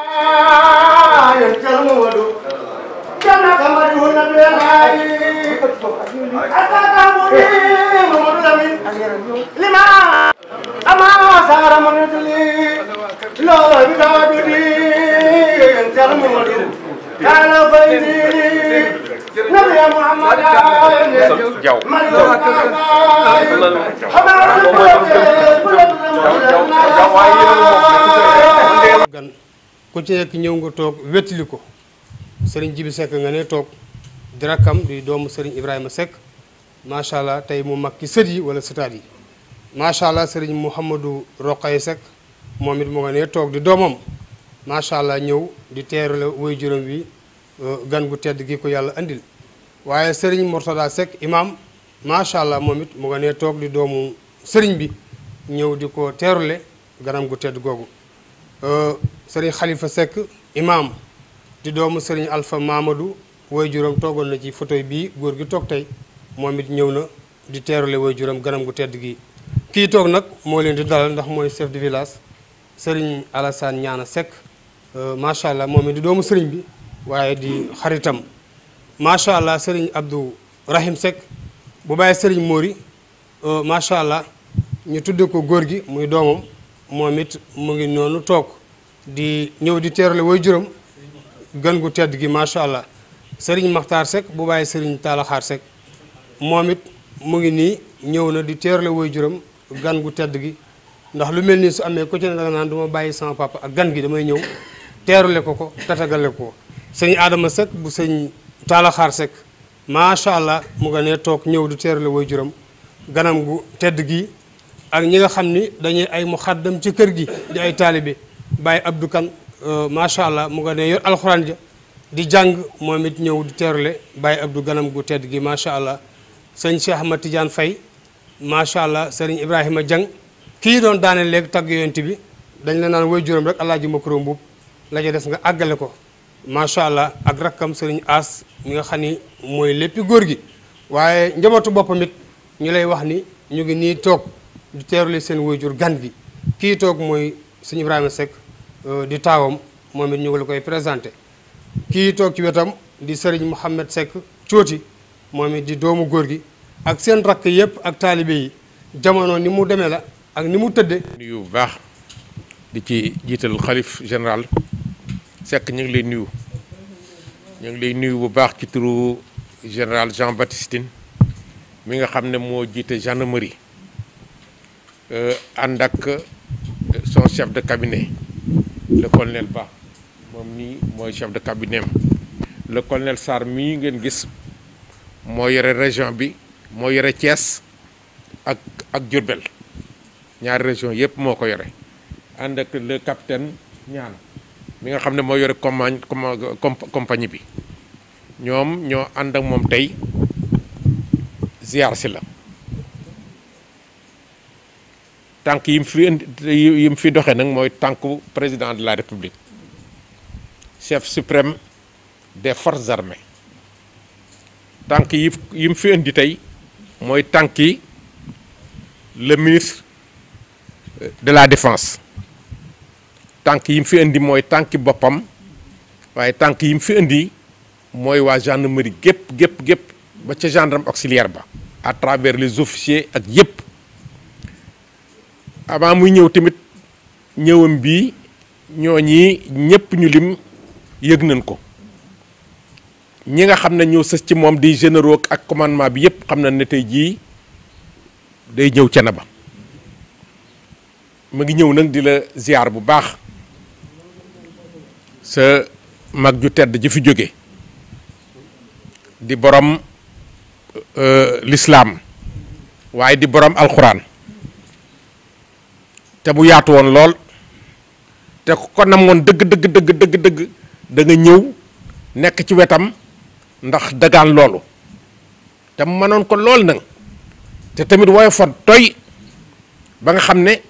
ah yéen jàll ma wàllu. أنك مجهول بالغيب أتتهمني مظلم لما أما صار من يدلي لو بتودي أنت المظلم كان بيني نبي محمد ku ci nekk ñëw nga toog wétli ko sëriñ Jibi Seck nga ne toog di rakkam di doomu sëriñ Ibrahima Seck macha allah tey mu mag ci sët yi wala sëtaat yi macha allah sëriñ Mouhamadou Roqay Seck moom it mu nga ne toog di doomam macha allah ñëw di teeru la woy juróom wi euh, gan gu tedd gi ko yàlla andil waaye sëriñ Mourtada Seck imaam macha allah moom it mu nga ne toog di doomu sëriñ bi ñëw di ko teerule ganam gu tedd googu euh, sëriñ Khalifa Seck imam di doomu sëriñ Alpha Mamadou woy juróom toogoon na ci fauteuil bii góor gi toog tey moom it ñëw na di teerule woy juróom ganam gu tedd gi kii toog nag moo leen di dalal ndax mooy chef de village sëriñ Alassane Ñaana Seck euh, macha allah moom it di doomu sëriñ bi waaye di xaritam macha allah sëriñ Abdou Rahim Seck bu bàyyi sëriñ Mori euh, macha allah ñu tudd ko góor gi muy doomam moom it mu ngi noonu toog di ñëw di teerule woy juróom gën gu tedd gi macha allah sëriñ Maxtaar Seck bu bàyyi sëriñ Taalaxaar Seck moom it mu ngi nii ñëw na di teerle woy juram gan gu tedd gi ndax lu mel nii su amee ku ci ne naan du ma bàyyi sama papa ak gan gi damay ñëw teerule ko ko tatagale ko sëñ Adama Seck bu sëñ Taalaxaar Seck macha mu nga toog ñëw di teerle woy juram ganam gu tedd gi ak ñi nga xam ni dañuy ay mu xaddam ci kër gi di ay taalibe bàyyi Abdou Kane Euh, macha allah mu nga ne yor alxuraan ja di jàng moom it ñëw di teerule bàyyi abdu ganam gu tedd gi macha allah sëñ Cheikh Ahmad Tidiane Faye macha allah sëriñ Ibrahima Diang kii doon daane léegi tagg yonent bi dañ la naan way juróom rek alaaji makoro mbuub la ca des nga àggale ko macha allah ak rakkam sëriñ As mi nga xam ni mooy léppi góor gi waaye njabootu boppam it ñu lay wax ni ñu ngi nii toog di teerule seen way jur gan gi kii toog mooy sëñ Ibrahima Seck Euh, di taawam moom it ñu ngi la koy présenté kii toog ci wetam di sëriñ Mouhamed Seck cooti moom it di doomu góor gi ak seen rakk yëpp ak taalibe yi jamono ni mu demee la ak ni mu tëdde nuyu bu baax di ci jiital xalif général sekk ñu ngi lay nuyu ñu ngi lay nuyu bu baax ci turu général Jean Baptiste mi nga xam ne moo jiite gendarmerie euh, ànd ak son chef de cabinet le colonel Ba moom nii mooy chef de cabinet am le colonel Sarr mii ngeen gis moo yore région bi moo yore Thiès ak ak Diourbel ñaari région yëpp moo ko yore ànd ak le capitaine Niang mi nga xam ne moo yore compagne compagnie bi ñoom ñoo ànd ak moom tey ziar si la. tànk yi mu fi indi yi mu fi doxe nag mooy tànku président de la république chef suprême des forces armées tànk yi yi mu fi indi tey mooy tànk le ministre euh, de la défense tànk yi mu fi indi mooy tànki boppam waaye tànk yi mu fi indi mooy waa gendarmerie gépp gépp gépp ba ca gendarme auxiliaire ba à travers les officiers ak yëpp avant muy ñëw tamit ñëwam bi ñi ñëpp ñu lim yëg nañ ko ñi nga xam ne ñoo sës ci moom di généraux ak commandement bi yëpp xam na ne tey jii day ñëw Thiénaba mu ngi ñëw nag di la ziar bu baax sa mag ju tedd ji fi jóge di borom euh, lislaam waaye di borom alxuraan te bu yaatu woon lool te ku ko namoon dëgg dëgg dëgg dëgg dëgg ñëw nekk ci wetam ndax dagaan loolu te mu mënoon ko lool nag te tamit woyofoon toy ba nga xam ne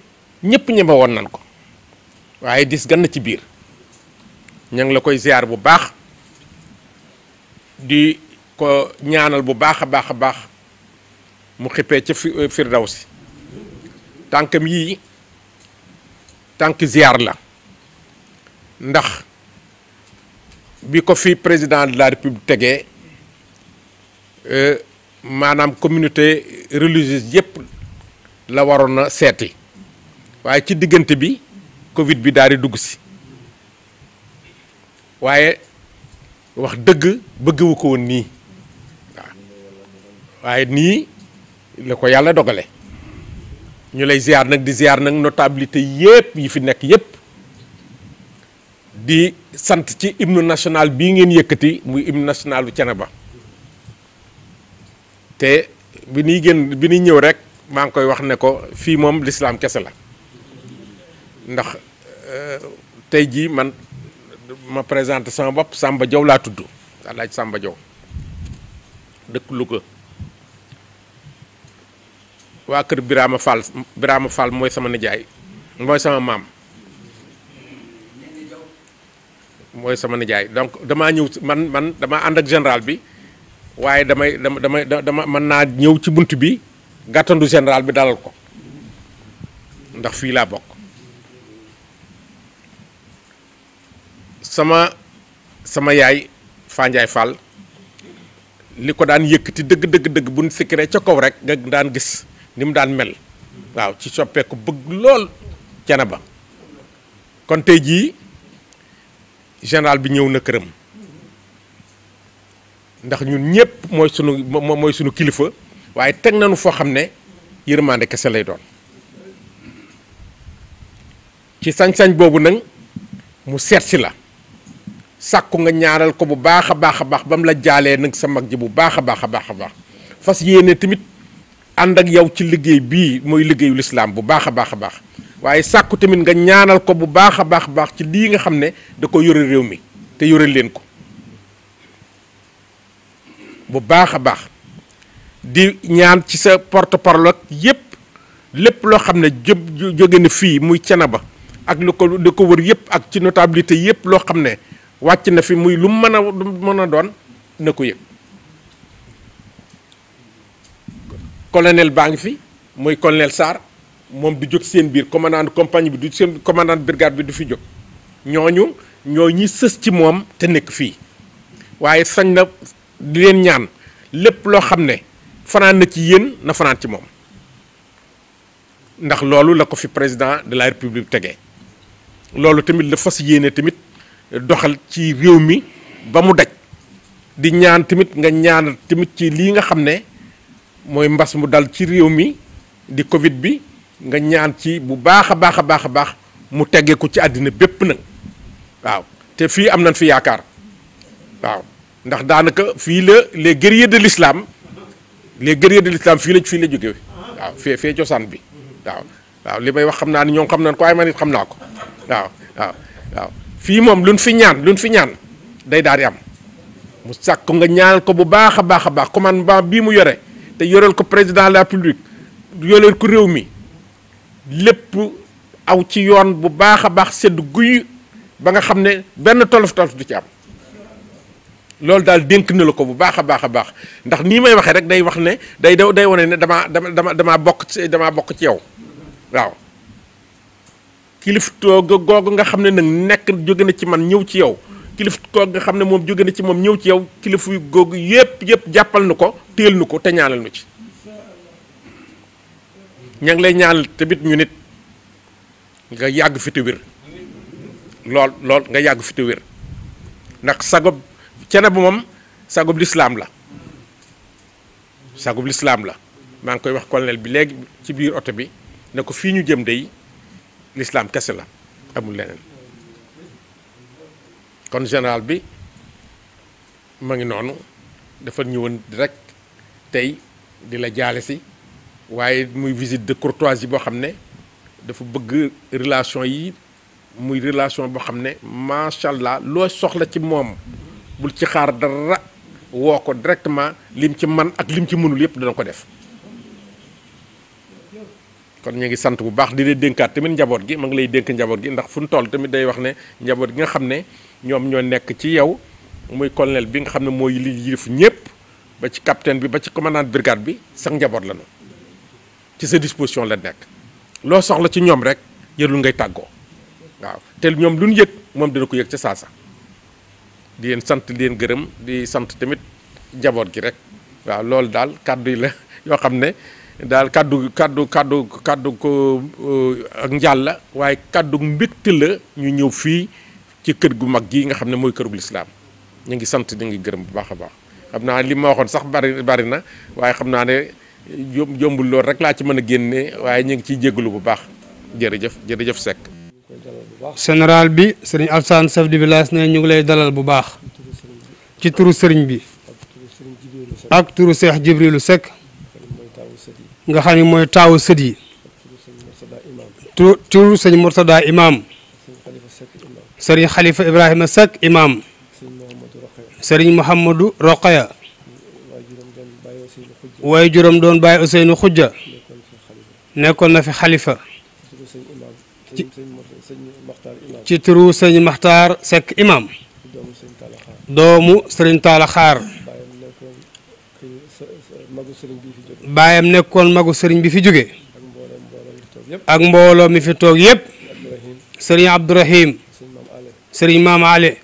ñëpp ñeme woon nan ko waaye dis gan ci biir ña ngi la koy ziar bu baax di ko ñaanal bu baax a baax a baax mu xippee ci euh, firdaw si tànkam yii tànk ziar la ndax bi ko fi président de la république tegee euh, maanaam communauté religieuse yépp la waroon na seeti waaye ci diggante bi Covid bi daal di dugg si waaye wax dëgg bëggewu ko woon nii waaw waaye nii la ko yàlla dogale ñu lay ziar nag di ziar nag notabilité yépp yi fi nekk yépp di sant ci hymne national bii ngeen yëkkati muy hymne nationalu ba te bi nuy génn bi nuy ñëw rek maa ngi koy wax ne ko fii moom lislaam kese la ndax euh, tey jii man ma présente sama bopp Samba jow laa tudd Alaaji Samba Diaw dëkk Louga waa kër Birama Fall Birama Fall mooy sama nijaay mooy sama maam mooy sama nijaay donc damaa ñëw man man damaa ànd ak général bi waaye damay dama damay dama mën naa ñëw ci bunt bi gàttandu général bi dalal ko ndax fii laa bokk sama sama yaay Fandiaye Fall li ko daan yëkkati dëgg dëgg dëgg bu nu sikkiree ca kaw rek nga daan gis ni mu daan mel waaw ci soppeeku bëgg lool ba kon tey jii général bi ñëw na këram ndax ñun ñëpp mooy sunu mooy sunu kilifa waaye teg nañu foo xam ne yërmande kese lay doon ci sañ-sañ boobu nag mu seet si la sàkku nga ñaaral ko bu baax a baax a baax ba mu la jaalee nag sa mag ji bu baax a baax a baax a baax fas yéene tamit ànd ak yow ci liggéey bii mooy liggéeyu lislaam bu baax a baax a baax waaye sàkku tamit nga ñaanal ko bu baax a baax baax ci lii nga xam ne da ko yore réew mi te yore leen ko bu baax a baax di ñaan ci sa porte parole ak yépp lépp loo xam ne jë jóge na fii muy cana ba ak lu ko di ko wër yépp ak ci notabilité yépp loo xam ne wàcc na fi muy lu mën a mën a doon ne ko yëg colonel baa ngi fi mooy colonel Sarr moom du jóg seen biir commandant compagnie bi du seen commandant brigade bi du fi jóg ñooñu ñoo ñi sës ci moom te nekk fii waaye sañ na di leen ñaan lépp loo xam ne fanaan na ci yéen na fanaan ci moom ndax loolu la ko fi président de la république tegee loolu tamit la fas yéene tamit doxal ci réew mi ba mu daj di ñaan tamit nga ñaan tamit ci lii nga xam ne mooy mbas mu dal ci réew mi di Covid bi nga ñaan ci bu baax a baax a baax a baax mu teggee ko ci àddina bépp nag waaw te fii am nañ fi yaakaar waaw ndax daanaka fii la les guerriers de l'islam les guerriers de fii la fii la jóge waaw fee fee cosaan bi waaw waaw li may wax xam naa ni ñoom xam nañ ko ay man it xam naa ko waaw waaw waaw fii moom luñ fi ñaan luñ fi ñaan day daal di am mu sàkk nga ñaanal ko bu baax a baax a baax commandement bii mu yore. te yoreel ko président la République yoreel ko réew mi lépp aw ci yoon bu baax a baax sedd guy ba nga xam ne benn tolof tolof du ci am loolu daal dénk na la ko bu baax a baax a baax ndax nii may waxee rek day wax ne day daw day wane ne damaa dama dama damaa bokk ci damaa bokk ci yow waaw kilifa googu nga xam ne nag nekk jóge na ci man ñëw ci yow kilif koog nga xam ne moom jóge na ci moom ñëw ci yow kilifu googu yépp yépp jàppal nu ko téel nu ko te ñaanal nu ci ña ngi lay ñaanal tamit ñu nit nga yàgg fi lool lool nga yàgg fi te ndax sagob cene bu moom sagob lislaam la sagob lislaam la maa ngi koy wax colonel bi léegi ci biir oto bi ne ko fii ñu jëm day lislaam kese la amul leneen kon général bi ma ngi noonu dafa ñëwoon rek tey di la jaale si waaye muy visite de courtoisie boo xam ne dafa bëgg relation yi muy relation boo xam ne macha allah loo soxla ci moom bul ci xaar dara woo ko directement lim ci man ak lim ci mënul yëpp dana ko def kon ñu ngi sant bu baax di leen dénkaat tamit njaboot gi ma ngi lay dénk njaboot gi ndax fu ñu toll tamit day wax ne njaboot gi nga xam ne. ñoom ñoo nekk ci yow muy colonel bi nga xam ne mooy li yilif ñëpp ba ci capitaine bi ba ci commandant brigade bi sax njaboot la ñu ci sa disposition la nekk loo soxla ci ñoom rek yërul ngay tàggoo waaw te ñoom lu ñu yëg moom dina ko yëg ca saasa di leen sant di leen gërëm di sant tamit njaboot gi rek waaw loolu daal kàddu yi la yoo xam ne daal kàddu kàddu kàddu kàddu ko euh, ak njàll la waaye kàddu mbégte la ñu ñëw fii ci kër gu mag gii nga xam ne mooy kërug lislaam ñu ngi sant di ngi gërëm bu baax a baax xam naa li ma waxoon sax bari bari na waaye xam naa ne jombul lool rek laa ci mën a génne waaye ñu ngi ciy jégalu bu baax jërëjëf jërëjëf Seck. général bi sëriñ Alsaan chef de village ne ñu ngi lay dalal bu baax ci turu sëriñ bi ak turu Seex Jibrilu Seck nga xam ne mooy taawu sët yi turu sëñ Murtada Imaam. sëriñ xalifa Ibrahima Seck imaam sëriñ Mouhamadou Roqaya waaye juróom doon bàyyi Ousseynou Khoudia nekkoon na fi xalifa ci turu sëñ Maxtaar Seck imaam doomu sëriñ Taala Xaar baayam nekkoon magu sëriñ bi fi jóge ak mbooloo mi fi toog yépp sëriñ Abdourahim sëriñ maam Ale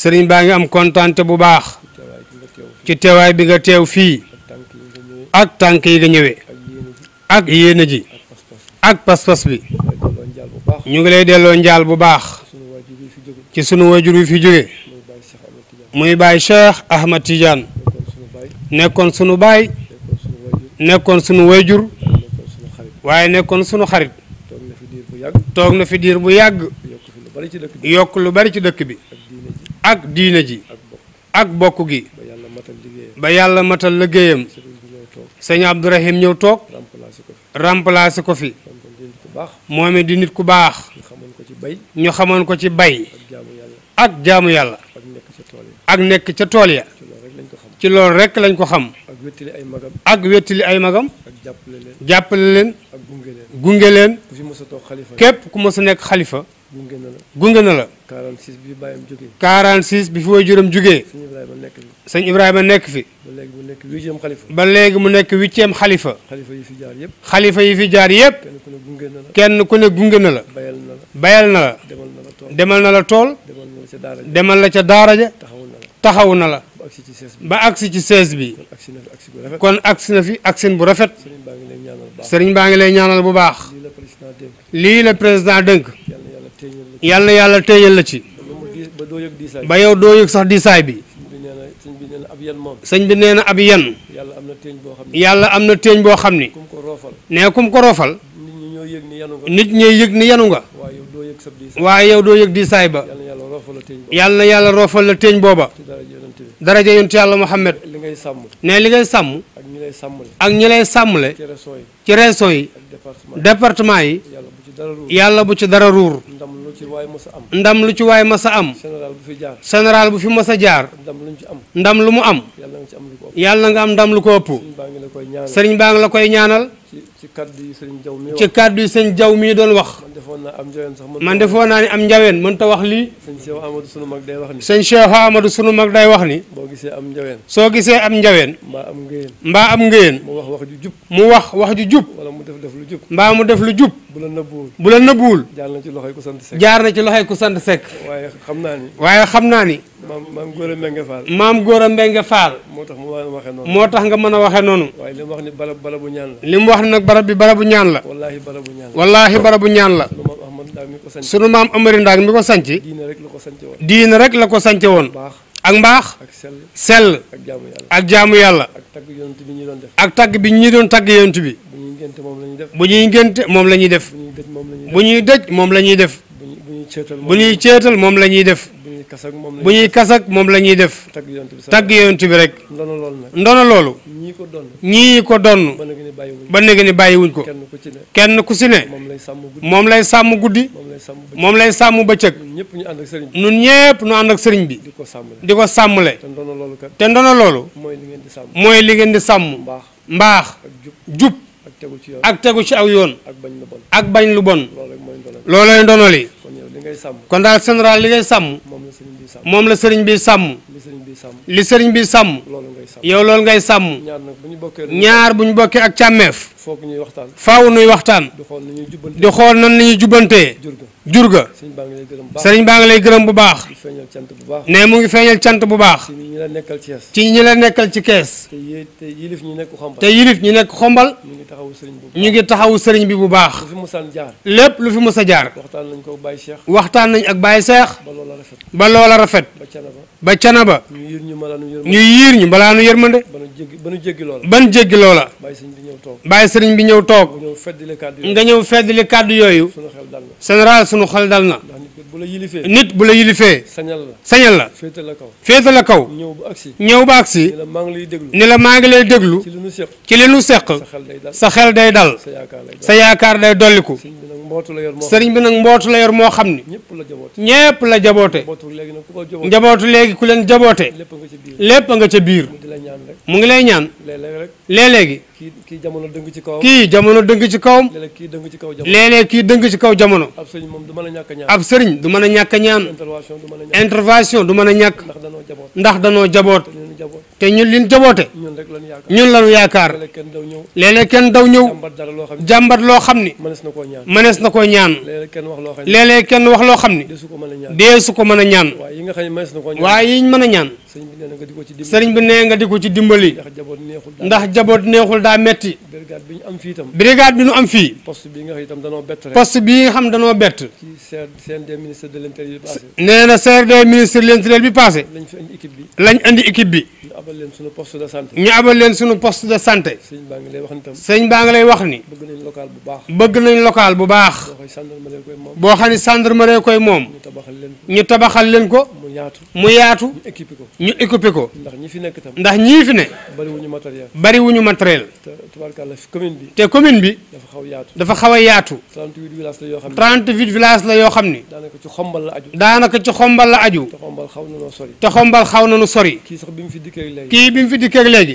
sëriñ baa ngi am kontante bu baax ci teewaay bi nga teew fii ak tànk yi nga ñëwee ak yéene ji ak pas-pas bi ñu ngi lay delloo njaal bu baax ci sunu wajur wi fi jóge muy baay Cheikh Ahmad Tidiane nekkoon sunu baay nekkoon sunu wajur waaye nekkoon sunu xarit toog na fi diir bu yàgg bari ci yokk lu bari ci dëkk bi. ak diine ji. ak bokk gi. ba yàlla matal liggéeyam ba yàlla matal liggéeyam. sëñ Abdourahim ñëw toog. remplacer ko fi. moom it di nit ku baax. ñu xamoon ko ci bay. ñu xamoon ko ci bay. ak jaamu yàlla. ak nekk ca tool ya. ci loolu rek lañ ko xam. ak wettali ay magam. ak wettali ay magam. ak jàppale leen. jàppale leen. ak gunge leen. gunge leen. ku fi mës a toog xalifa képp ku mës a nekk xalifa. gunge na la gunge na la. 46 bi bàyyam jógee. 46 bi fi waajuram jógee. sëñ Ibrahima nekk fi. sëñ nekk fi. ba léegi mu nekk huitième xalifa. ba léegi mu nekk huitième xalifa. xalifa yi fi jaar yëpp. xalifa yi fi jaar yëpp. kenn ku ne gunge na la. kenn ku ne gunge la. bayal na la bayal na la. demal na la tool demal na la demal na ca daara ja demal na taxawu na la taxawu na la. ba agsi ci 16 bi. kon agsi na fi agsin bu rafet. sëriñ baa ngi lay ñaanal bu baax. lii la président dénk. yàlla na yàlla téyal la ci. ba yow doo yëg sax diisaay bi. sëñ bi nee na ab yan. yàlla am na téeñ boo xam ne. yàlla am na téeñ boo xam ni. nee kum ko roofal. nit ñooy yëg ni yanu nga. waaye yow doo yëg diisaay ba. yàlla na yàlla roofal la téeñ booba. daraja yonent yàlla Muhammad. nee li ngay sàmm. ak ñi lay sàmmale. ci régions yi. département yi. yàlla bu ci dara ruur ndam lu ci waay mës a am ndam lu ci waay mës a am général bu fi jaar général bu fi mës a jaar ndam lu ci am ndam lu mu am yàlla nga am ndam lu ko ëpp sëriñ baa ngi la koy ñaanal ci kàddu yi sëñ jaw mi ci kàddu sëñ jaw mii doon wax man defoon naa am njaween sax man defoon naa ni am njaween mënta wax lii sëñ Cheikh Amadou sunu mag day wax ni sëñ Cheikh Amadou sunu mag day wax ni boo gisee am njaween soo gisee am njaween mbaa am ngëyeen mbaa am ngëyeen mu wax wax ju jub mu wax wax ju jub wala mu def def lu jub mbaa mu def lu jub bu la nëbbuwul bu la nëbbuwul. jaar na ci loxoy ku sant Seck na ci loxoy ku sant Seck. waaye xam naa ni. waaye xam naa ni. maam maam Gora Mbengue Fall. maam moo tax mu mën a waxee noonu. moo tax nga mën a waxee noonu. waaye li mu wax ni barab la. li mu wax nag barab bi barabu ñaan la. wallaahi barabu ñaan la wallaahi barabu ñaan la. sunu maam Amari Ndaag mi ko sanc. diine rek la ko sanc woon. diine rek la ko sanc woon. ak mbaax sell ak jaamu yàlla ak tagg bi ñu doon tagg yonent bi moom la ñuy def. bu ñuy ngénte moom la ñuy def. bu ñuy dëj moom la ñuy def. bu ñuy ceetal moom la ñuy def. bu ñuy kasak moom la ñuy def. tagg yonent bi rek. ndono loolu. ñii ko donn ba léegi ni bàyyiwuñ ko. kenn ku si ne. moom lay sàmm guddi. moom lay sàmm bëccëg. ñun ñëpp ñu ànd ak sëriñ bi. di ko sàmmle. te ndono loolu. mooy li ngeen di sàmm. mbaax. jub. tegu ci yoon ak tegu ci aw yoon. ak bañ lu bon ak bañ lu bon. loolooy ndono li. kon daal général li ngay sàmm. moom la sëriñ bi sàmm. moom la sëriñ bi sàmm. li sëriñ bi sàmm yow loolu ngay sàmm ñaar bu ñu bokkee ak càmmeef faaw nuy waxtaan di xool nan la ñuy jubbantee jur ga sëriñ baa ngi lay gërëm bu baax ne mu ngi feeñal cant bu baax ci ñi la nekkal ci kees te yilif ñi nekk xombal ñu ngi taxawu sëriñ bi bu baax lépp lu fi mës a jaar waxtaan nañ ak Baye Cheikh ba loola rafet ba canaba ñu yiir ñu malaanu yërmande banu jéggi loola ban jéggi loola bàyyi sëriñ bi ñëw toog bàyyi sëriñ bi ñëw toog nga ñëw feddali kàddu yooyu général sunu xel dal na nit bu la yilifee sañal la féeta a kaw ñëw ba agsi ni la maa ngi lay déglu ci li nu seq sa xel day dal sa yaakaar day dolliku mbootu la yor moo sëriñ bi nag mbootu la yor moo xam ni. ñëpp la jaboote ñëpp la jaboote. njabootu léegi ku leen jaboote. lépp nga ca biir. mu ngi lay ñaan. léeg-léegi. kii jamono dëng ci kawam kii jamono dëng ci kawam. léeg-léeg kii dëng ci kaw jamono. ab sëriñ moom du mën a ñàkk a ñaan. ab sëriñ du mën a ñàkk a ñaan. intervention du mën a ñàkk. ndax danoo jaboot. te ñun liñ jaboote ñun lañu yaakaar léeg-léeg kenn daw ñëw jàmbat loo xam ni mënees na koo ñaan léeg-léeg kenn wax loo xam ni dee su ko mën a ñaan waaye yiñ mën a ñaan sëriñ bi nee nga di ko ci dimbali ndax jaboot neexul daa metti brigade bi ñu am fii poste bi nga xam danoo bett nee na CRD ministre de l'intérieur bi passé lañ indi équipe bi abal leen sunu poste de santé. ñu abal leen sunu poste de santé. sëñ baa ngi lay wax ni bëgg nañ local bu baax. boo xam ne gendarmerie koy moom. koy moom. ñu tabaxal leen ko. yaatu mu yaatu. ñu équipé ko ñu équipé ko. ndax ñi fi nekk tam. ndax ñii fi ne. bariwuñu matériel. bariwuñu matériel. te tubaarkàlla commune bi. te commune bi. dafa xaw a yaatu. dafa xaw a la yoo xam ne. daanaka ci xombal la aju. te xombal xaw na nu sori. kii bi mu fi dikkee léegi. léegi.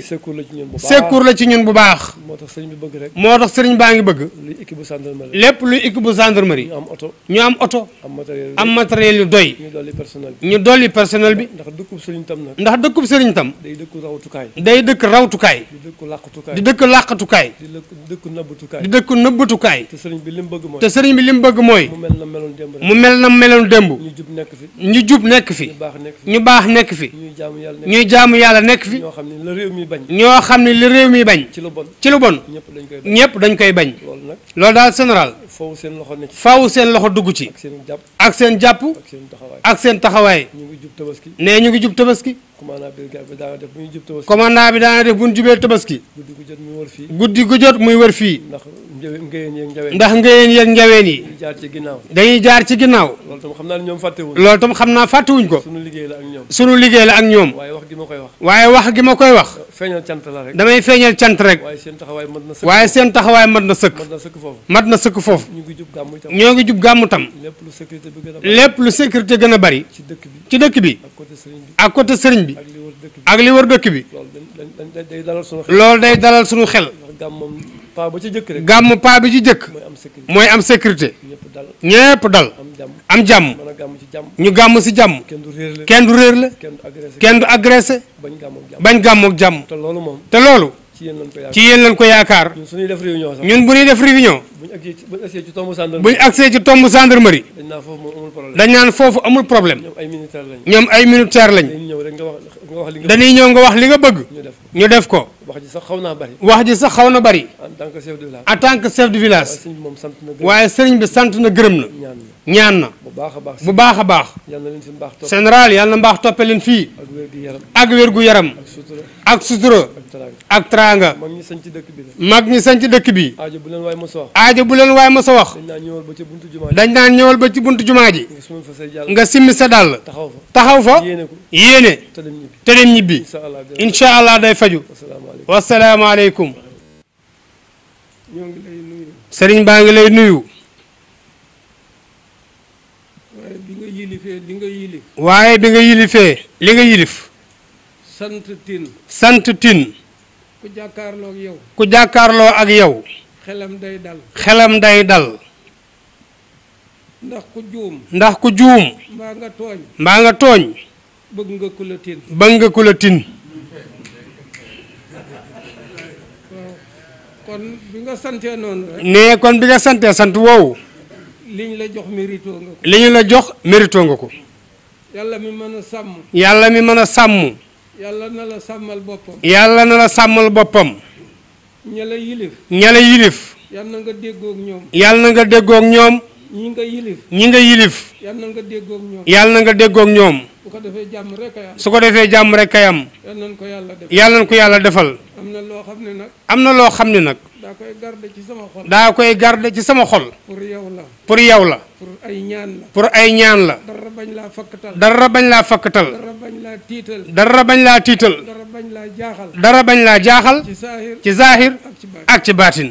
secours la ci ñun bu baax. moo tax sëriñ moo tax sëriñ baa ngi bëgg. luy équipe bu gendarmerie. lépp luy équipe bu gendarmerie. ñu am oto. ñu am oto. am matériel yu doy am matériel yu doy. ñu dolli personnel bi. ñu dolli personnel bi. ndax dëkkub sëriñ tam nag. ndax dëkkub sëriñ tam. day dëkk rawtukaay. day dëkk rawtukaay. di dëkk làqatukaay. di dëkk làqatukaay. di dëkk nëbbatukaay. di dëkk nëbbatukaay. te sëriñ bi lim bëgg mooy. te sëriñ bi lim bëgg mooy. mu mel na meloon démb mu mel na meloon démb. ñu jub nekk fi. ñu nekk ñu baax nekk fi. ñuy jaamu yàlla nekk fi. ñoo xam ne la réew mi bañ. ñoo xam ne la réew mi bañ. ci lu bon bon ñëpp dañ koy bañ loolu daal général faaw seen loxo ne ci faaw seen loxo dugg ci ak seen jàpp ak seen taxawaay nee ñu ngi jub tabaski commandant bi daana def bu ñu jub tabaski commandant bi daana def bu ñu jubee tabaski guddi gu jot muy wër fii guddi gu jot muy wër fii ndax ngëyeen yeeg njaween yi dañuy jaar ci ginnaaw loolu tam xam naa fàttewuñ ko suñu liggéey la ak ñoom waaye wax gi ma koy wax feeñal cant la rek. damay feeñal cant rek. waaye seen taxawaay mat na sëkk. waaye seen taxawaay mat na sëkk. mat na sëkk foofu. mat na sëkk foofu. ñoo ngi jub gàmmu tam. ñoo ngi jub gàmmu tam. lépp lu sécurité bi gën a bari. lépp lu sécurité gën a bari. ci dëkk bi ci dëkk bi. ak côté sëriñ bi. ak li wër dëkk bi. loolu day dalal sunu xel. loolu day dalal xel. gàmmu paa ba ci jëkk rek. gàmmu paa bi ci jëkk. mooy am sécurité. ñëpp dal. am jàmm. ñu gàmm si jàmm kenn du réer la kenn du agressé bañ gàmmook jàmm te loolu ci yéen lañ ko yaakaar ñun bu ñuy def réunion bu ñu agsee ci tomb gendarmerie agsee ci tomb gendarmerie dañ naan foofu amul problème ñoom ay militaire lañ dañuy ñëw nga wax li nga bëgg ñu def ko wax ji sax xaw naa bari wax sax xaw na bari en tant que chef de village waaye sëriñ bi sant na gërëm na ñaan na baax a baax bu baax a baax. général yàlla mbaax toppe leen fii. ak wér gu yaram. ak sutura. ak teraanga. mag ñi sañ ci dëkk bi mag ñi sañ dëkk bi. aajo bu leen waay ma a wax. bu leen waay mos a wax. dañ naan ñëwal ba ci buntu jumaa ji. dañ naan ñëwal ba ci buntu jumaa ji. nga simmi sa dàll. taxaw fa taxaw fa. yéene te dem ñibbi. incha allah day faju. wasalaamaaleykum. sëriñ baa ngi lay nuyu. yilifee nga yilif. waaye bi nga yilifee li nga yilif. sant tin. sant tin. ku jàkkaarloo ak yow. ku jàkkaarloo ak yow. xelam day dal. xelam day dal. ndax ku juum. ndax ku juum. mbaa nga tooñ. mbaa nga tooñ. bëgg nga ku la tin. bëgg nga ku la tin. kon bi nga santee noonu rek. nee kon bi nga santee sant woowu. li ñu la jox mérito nga ko. li ñu la jox mérito nga ko. yàlla mi mën a sàmm. yàlla mi mën a sàmm. yàlla na la sàmmal boppam. yàlla na la sàmmal boppam. ña la yilif. ña la yilif. yàlla na nga déggook ak ñoom. yàlla na nga déggoo ñoom. ñi nga yilif. ñi nga yilif. yàlla na nga déggoo ñoom. yàlla na nga déggoo ñoom. su ko defee jàmm rek kay su ko defee jàmm rek kay am. yàlla nañ ko yàlla defal. yàlla nañ ko yàlla defal. am na loo xam ne nag. am na loo xam ne nag. daa koy garder ci sama xol. daa koy yow la. pour ay ñaan la. pour ay ñaan la. dara bañ laa fakkatal. dara laa dara bañ laa tiital. dara bañ laa dara bañ laa jaaxal. dara bañ laa jaaxal. ci zaahir ak ci baatin.